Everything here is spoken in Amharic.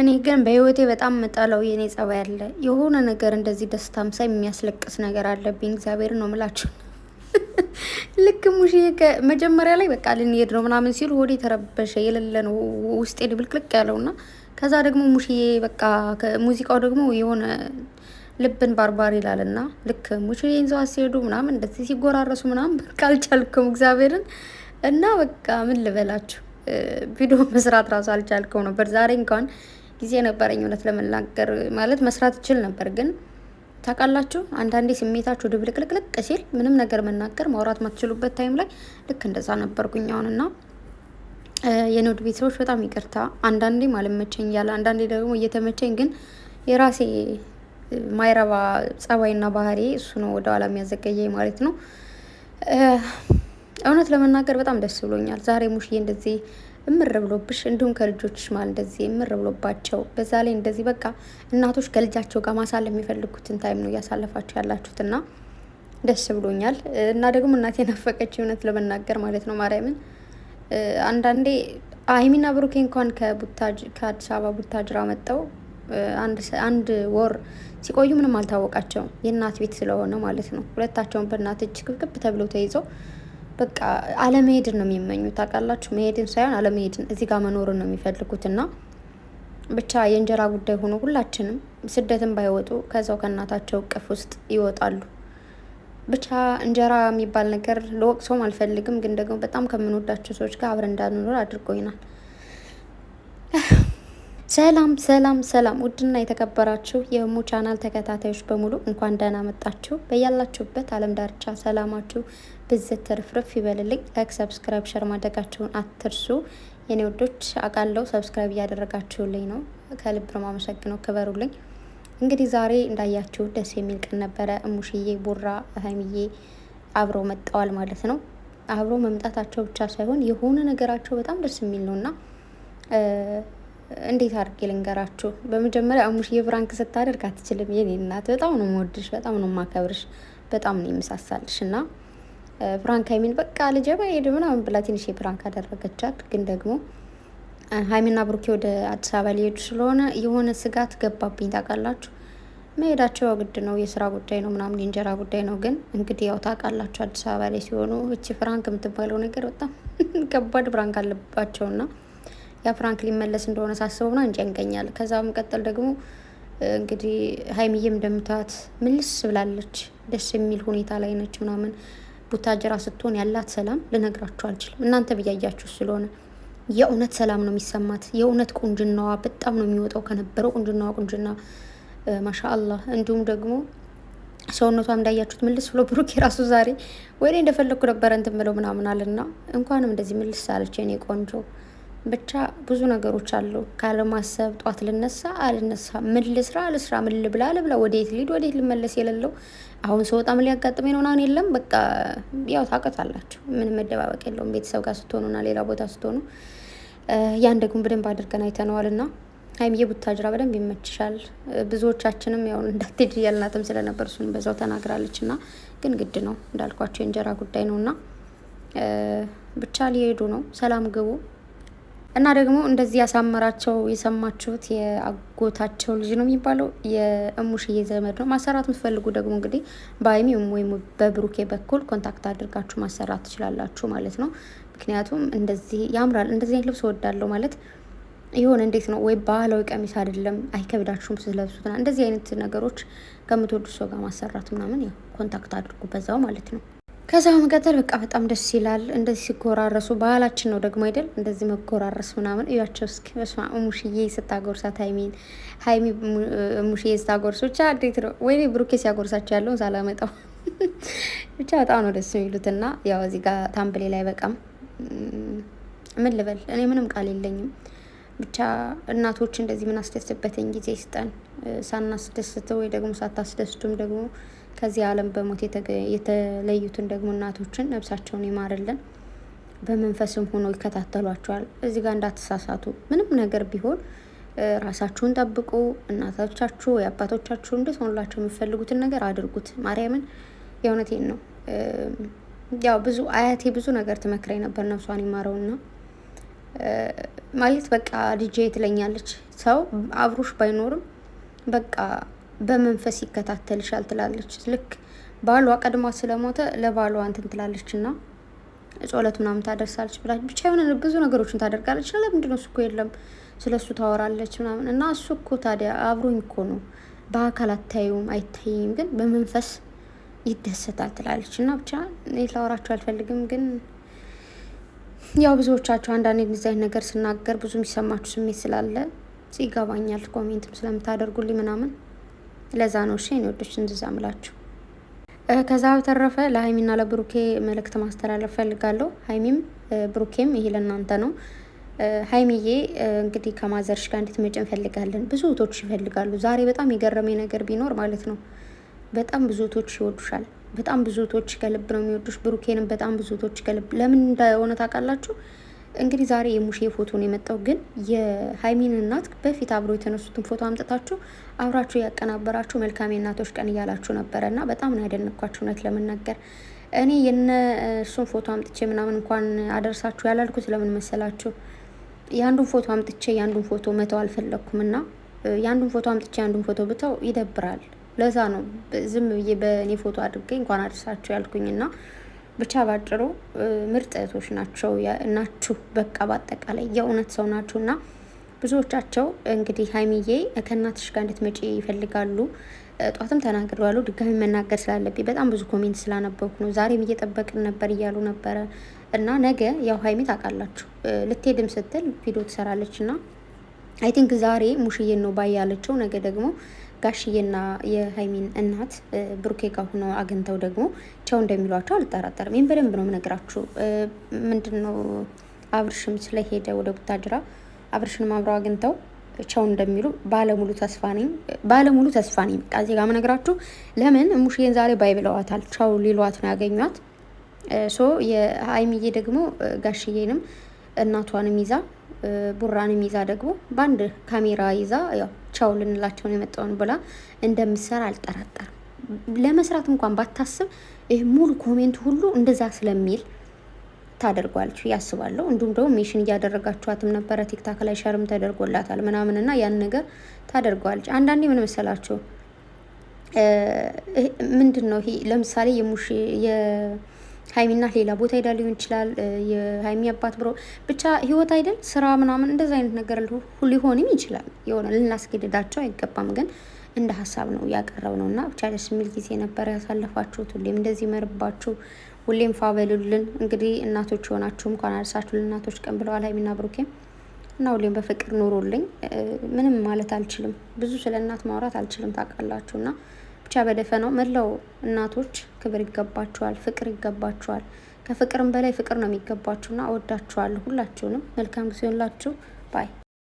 እኔ ግን በህይወቴ በጣም መጣለው የእኔ ጸባይ አለ። የሆነ ነገር እንደዚህ ደስታም ሳይ የሚያስለቅስ ነገር አለብኝ። እግዚአብሔር ነው ምላችሁ። ልክ ሙሽ መጀመሪያ ላይ በቃ ልንሄድ ነው ምናምን ሲሉ ወደ የተረበሸ የሌለ ነው ውስጤ ድብልቅልቅ እና ከዛ ደግሞ ሙሽዬ በቃ ሙዚቃው ደግሞ የሆነ ልብን ባርባር ይላል ይላልና ልክ ሙሽዬን ዘዋ ሲሄዱ ምናምን እንደዚህ ሲጎራረሱ ምናምን በቃ አልቻልኩም እግዚአብሔርን እና በቃ ምን ልበላችሁ ቪዲዮ መስራት ራሱ አልቻልከው ነበር ዛሬ እንኳን ጊዜ ነበረኝ እውነት ለመናገር ማለት መስራት እችል ነበር። ግን ታውቃላችሁ አንዳንዴ ስሜታችሁ ድብልቅልቅልቅ ሲል ምንም ነገር መናገር ማውራት ማትችሉበት ታይም ላይ ልክ እንደዛ ነበርኩኝ አሁንና የኖድ ቤተሰቦች በጣም ይቅርታ። አንዳንዴ አልመቸኝ ያለ አንዳንዴ ደግሞ እየተመቸኝ ግን የራሴ ማይረባ ጸባይና ባህሪ እሱ ነው ወደ ኋላ የሚያዘገየ ማለት ነው። እውነት ለመናገር በጣም ደስ ብሎኛል ዛሬ ሙሽዬ እንደዚህ እምር ብሎብሽ፣ እንዲሁም ከልጆችሽ ማለት እንደዚህ እምር ብሎባቸው፣ በዛ ላይ እንደዚህ በቃ እናቶች ከልጃቸው ጋር ማሳለፍ የሚፈልጉትን ታይም ነው እያሳለፋችሁ ያላችሁት እና ደስ ብሎኛል። እና ደግሞ እናቴ የናፈቀች እውነት ለመናገር ማለት ነው ማርያምን አንዳንዴ አይሚና ብሩኬ እንኳን ከአዲስ አበባ ቡታጅራ መጠው አንድ ወር ሲቆዩ ምንም አልታወቃቸውም። የእናት ቤት ስለሆነ ማለት ነው። ሁለታቸውን በእናት እጅ ክብክብ ተብለው ተይዘው በቃ አለመሄድን ነው የሚመኙት ታውቃላችሁ። መሄድን ሳይሆን አለመሄድን እዚህ ጋር መኖርን ነው የሚፈልጉት እና ብቻ የእንጀራ ጉዳይ ሆኖ ሁላችንም ስደትን ባይወጡ ከዛው ከእናታቸው እቅፍ ውስጥ ይወጣሉ። ብቻ እንጀራ የሚባል ነገር ለወቅሶም አልፈልግም፣ ግን ደግሞ በጣም ከምንወዳቸው ሰዎች ጋር አብረን እንዳንኖር ይናል። ሰላም ሰላም ሰላም ውድና የተከበራችሁ የህሙ ቻናል ተከታታዮች በሙሉ እንኳን ደህና መጣችሁ። በያላችሁበት አለም ዳርቻ ሰላማችሁ ብዝት ትርፍርፍ ይበልልኝ። ላይክ፣ ሰብስክራይብ፣ ሸር ማድረጋችሁን አትርሱ። የኔ ውዶች አቃለው ሰብስክራይብ እያደረጋችሁልኝ ነው ከልብ ነው ማመሰግነው። ክበሩልኝ። እንግዲህ ዛሬ እንዳያችሁ ደስ የሚል ቀን ነበረ። እሙሽዬ ቡራ ሀይሚዬ አብሮ መጠዋል ማለት ነው። አብሮ መምጣታቸው ብቻ ሳይሆን የሆነ ነገራቸው በጣም ደስ የሚል ነው እና እንዴት አድርጌ ልንገራችሁ? በመጀመሪያ እሙሽዬ ብራንክ ስታደርግ አትችልም። የኔ እናት በጣም ነው የምወድሽ፣ በጣም ነው የማከብርሽ፣ በጣም ነው የምሳሳልሽ እና ፍራንክ ሀይሚን በቃ ልጀባ ሄድ ምናምን ብላ ትንሽ የፍራንክ አደረገቻት። ግን ደግሞ ሀይሚና ብሩኬ ወደ አዲስ አበባ ሊሄዱ ስለሆነ የሆነ ስጋት ገባብኝ። ታውቃላችሁ መሄዳቸው ያው ግድ ነው፣ የስራ ጉዳይ ነው ምናምን የእንጀራ ጉዳይ ነው። ግን እንግዲህ ያው ታውቃላችሁ አዲስ አበባ ላይ ሲሆኑ እቺ ፍራንክ የምትባለው ነገር በጣም ከባድ ፍራንክ አለባቸውና ያ ፍራንክ ሊመለስ እንደሆነ ሳስበው ነው ያንቀኛል። ከዛ መቀጠል ደግሞ እንግዲህ ሀይሚዬም እንደምታዩት ምልስ ብላለች። ደስ የሚል ሁኔታ ላይ ነች ምናምን ቡታጀራ ስትሆን ያላት ሰላም ልነግራችሁ አልችልም። እናንተ ብያያችሁ ስለሆነ የእውነት ሰላም ነው የሚሰማት። የእውነት ቁንጅናዋ በጣም ነው የሚወጣው ከነበረው ቁንጅናዋ ቁንጅና ማሻ አላህ። እንዲሁም ደግሞ ሰውነቷ እንዳያችሁት ምልስ ብሎ ብሩክ የራሱ ዛሬ ወይኔ እንደፈለግኩ ነበረ እንትን ብለው ምናምን አለና እንኳንም እንደዚህ ምልስ አለች የኔ ቆንጆ ብቻ ብዙ ነገሮች አሉ። ካለማሰብ ጧት ልነሳ አልነሳ፣ ምን ልስራ አልስራ፣ ምን ልብላ አልብላ፣ ወዴት ሊድ ወዴት ልመለስ የሌለው አሁን ስወጣም ሊያጋጥመኝ ነው ምናምን የለም። በቃ ያው ታውቃላችሁ፣ ምንም መደባበቅ የለውም። ቤተሰብ ጋር ስትሆኑና ሌላ ቦታ ስትሆኑ ያን ደግሞ በደንብ አድርገን አይተነዋል። እና ሀይሚዬ ቡታጅራ በደንብ ይመችሻል። ብዙዎቻችንም ያው እንዳትሄድ እያልናትም ስለነበር እሱን በዛው ተናግራለች። ና ግን ግድ ነው እንዳልኳቸው የእንጀራ ጉዳይ ነው ና ብቻ ሊሄዱ ነው። ሰላም ግቡ። እና ደግሞ እንደዚህ ያሳመራቸው የሰማችሁት የአጎታቸው ልጅ ነው የሚባለው የእሙሽዬ ዘመድ ነው። ማሰራት የምትፈልጉ ደግሞ እንግዲህ በአይሚ ወይም በብሩኬ በኩል ኮንታክት አድርጋችሁ ማሰራት ትችላላችሁ ማለት ነው። ምክንያቱም እንደዚህ ያምራል። እንደዚህ አይነት ልብስ እወዳለሁ ማለት ይሆን እንዴት ነው ወይ ባህላዊ ቀሚስ አይደለም፣ አይከብዳችሁም ስትለብሱትና እንደዚህ አይነት ነገሮች ከምትወዱ ሰው ጋር ማሰራት ምናምን ያው ኮንታክት አድርጉ በዛው ማለት ነው። ከዛ በመቀጠል በቃ በጣም ደስ ይላል። እንደዚህ ሲጎራረሱ ባህላችን ነው ደግሞ አይደል? እንደዚህ መጎራረስ ምናምን እያቸው እስኪ በስማ ሙሽዬ ስታጎርሳት ሀይሚን ሀይሚ ሙሽዬ ስታጎርሶ ብቻ እንዴት ነው ወይ ብሩኬ ሲያጎርሳቸው ያለውን ሳላመጣው ብቻ በጣም ነው ደስ የሚሉት። የሚሉትና ያው እዚህ ጋር ታምብሌ ላይ በቃም ምን ልበል እኔ ምንም ቃል የለኝም። ብቻ እናቶች እንደዚህ ምን አስደስትበትን ጊዜ ይስጠን። ሳናስደስተው ወይ ደግሞ ሳታስደስቱም ደግሞ ከዚህ ዓለም በሞት የተለዩትን ደግሞ እናቶችን ነብሳቸውን ይማርልን። በመንፈስም ሆኖ ይከታተሏቸዋል። እዚህ ጋር እንዳትሳሳቱ። ምንም ነገር ቢሆን ራሳችሁን ጠብቁ። እናቶቻችሁ የአባቶቻችሁ እንድትሆኑላቸው የምፈልጉትን ነገር አድርጉት። ማርያምን የእውነቴን ነው። ያው ብዙ አያቴ ብዙ ነገር ትመክረኝ ነበር። ነፍሷን ይማረውና ማለት በቃ ልጄ ትለኛለች። ሰው አብሮሽ ባይኖርም በቃ በመንፈስ ይከታተልሻል ትላለች። ልክ ባሏ ቀድማ ስለሞተ ለባሏ እንትን ትላለች እና ጸሎት ምናምን ታደርሳለች ብላ ብቻ የሆነ ብዙ ነገሮችን ታደርጋለች። ለምንድን ነው እሱ እኮ የለም ስለ እሱ ታወራለች ምናምን እና እሱ እኮ ታዲያ አብሮኝ እኮ ነው በአካል አታዩም አይታይም፣ ግን በመንፈስ ይደሰታል ትላለች እና ብቻ እኔ ላወራችሁ አልፈልግም ግን ያው ብዙዎቻችሁ አንዳንድ ዲዛይን ነገር ስናገር ብዙ የሚሰማችሁ ስሜት ስላለ ይገባኛል። ኮሜንትም ስለምታደርጉልኝ ምናምን ለዛ ነው እሺ፣ እኔ ወዶች እንድዛ ምላችሁ። ከዛ በተረፈ ለሀይሚና ለብሩኬ መልእክት ማስተላለፍ ፈልጋለሁ። ሀይሚም ብሩኬም ይሄ ለእናንተ ነው። ሀይሚዬ እንግዲህ ከማዘርሽ ጋር እንድትመጪ እንፈልጋለን። ብዙ እህቶች ይፈልጋሉ። ዛሬ በጣም የገረመኝ ነገር ቢኖር ማለት ነው በጣም ብዙ እህቶች ይወዱሻል። በጣም ብዙ እህቶች ከልብ ነው የሚወዱሽ። ብሩኬንም በጣም ብዙ እህቶች ከልብ ለምን እንደሆነ ታውቃላችሁ? እንግዲህ ዛሬ የሙሼ ፎቶ ነው የመጣው። ግን የሀይሚን እናት በፊት አብሮ የተነሱትን ፎቶ አምጥታችሁ አብራችሁ ያቀናበራችሁ መልካም የእናቶች ቀን እያላችሁ ነበረ እና በጣም ነው ያደነኳችሁ እውነት ለመናገር እኔ የነ እሱን ፎቶ አምጥቼ ምናምን እንኳን አደርሳችሁ ያላልኩት ስለምን መሰላችሁ? የአንዱን ፎቶ አምጥቼ የአንዱን ፎቶ መተው አልፈለግኩም እና የአንዱን ፎቶ አምጥቼ የአንዱን ፎቶ ብተው ይደብራል። ለዛ ነው ዝም ብዬ በእኔ ፎቶ አድርጌ እንኳን አደርሳችሁ ያልኩኝና ብቻ ባጭሩ ምርጥ እህቶች ናቸው ናችሁ። በቃ በአጠቃላይ የእውነት ሰው ናችሁ እና ብዙዎቻቸው እንግዲህ ሀይሚዬ ከእናትሽ ጋር እንድትመጪ ይፈልጋሉ። ጧትም ተናግረዋሉ። ድጋሚ መናገር ስላለብኝ በጣም ብዙ ኮሜንት ስላነበብኩ ነው። ዛሬም እየጠበቅን ነበር እያሉ ነበረ እና ነገ ያው ሀይሚ ታውቃላችሁ ልትሄድም ስትል ቪዲዮ ትሰራለች እና አይ ቲንክ ዛሬ ሙሽዬን ነው ባይ ነገ ደግሞ ጋሽዬና የሀይሚን እናት ብሩኬ ጋር ሆነው አግኝተው ደግሞ ቸው እንደሚሏቸው አልጠራጠርም። ይህም በደንብ ነው የምነግራችሁ። ምንድን ነው አብርሽም ስለሄደ ወደ ቡታጅራ አብርሽንም አብረው አግኝተው ቸው እንደሚሉ ባለሙሉ ተስፋ ነኝ። ባለሙሉ ተስፋ ነኝ። በቃ እዚህ ጋር የምነግራችሁ ለምን ሙሽዬን ዛሬ ባይ ብለዋታል። ቸው ሊሏት ነው ያገኟት። ሶ የሀይሚዬ ደግሞ ጋሽዬንም እናቷንም ይዛ ቡራንም ይዛ ደግሞ በአንድ ካሜራ ይዛ ያው ቻው ልንላቸውን የመጣውን ብላ እንደምትሰራ አልጠራጠርም። ለመስራት እንኳን ባታስብ ይህ ሙሉ ኮሜንት ሁሉ እንደዛ ስለሚል ታደርጓለች ያስባለሁ። እንዲሁም ደግሞ ሜሽን እያደረጋችኋትም ነበረ ቲክታክ ላይ ሸርም ተደርጎላታል ምናምን እና ያን ነገር ታደርጓለች። አንዳንዴ ምን መሰላችሁ ምንድን ነው ይሄ ለምሳሌ የሙሽ ሀይሚና ሌላ ቦታ ሄዳ ሊሆን ይችላል። የሀይሚ አባት ብሮ ብቻ ህይወት አይደል ስራ ምናምን እንደዚ አይነት ነገር ሊሆንም ይችላል። የሆነ ልናስገድዳቸው አይገባም፣ ግን እንደ ሀሳብ ነው ያቀረብ ነው እና ብቻ ደስ የሚል ጊዜ ነበር ያሳለፋችሁት። ሁሌም እንደዚህ መርባችሁ፣ ሁሌም ፋበሉልን። እንግዲህ እናቶች የሆናችሁ እንኳን አርሳችሁ ለእናቶች ቀን ብለዋል ሀይሚና ብሩኬም እና ሁሌም በፍቅር ኑሮልኝ። ምንም ማለት አልችልም፣ ብዙ ስለ እናት ማውራት አልችልም ታውቃላችሁ እና ብቻ በደፈናው መላው እናቶች ክብር ይገባችኋል፣ ፍቅር ይገባችኋል። ከፍቅርም በላይ ፍቅር ነው የሚገባችሁና እወዳችኋለሁ። ሁላችሁንም መልካም ጊዜ ሆንላችሁ ባይ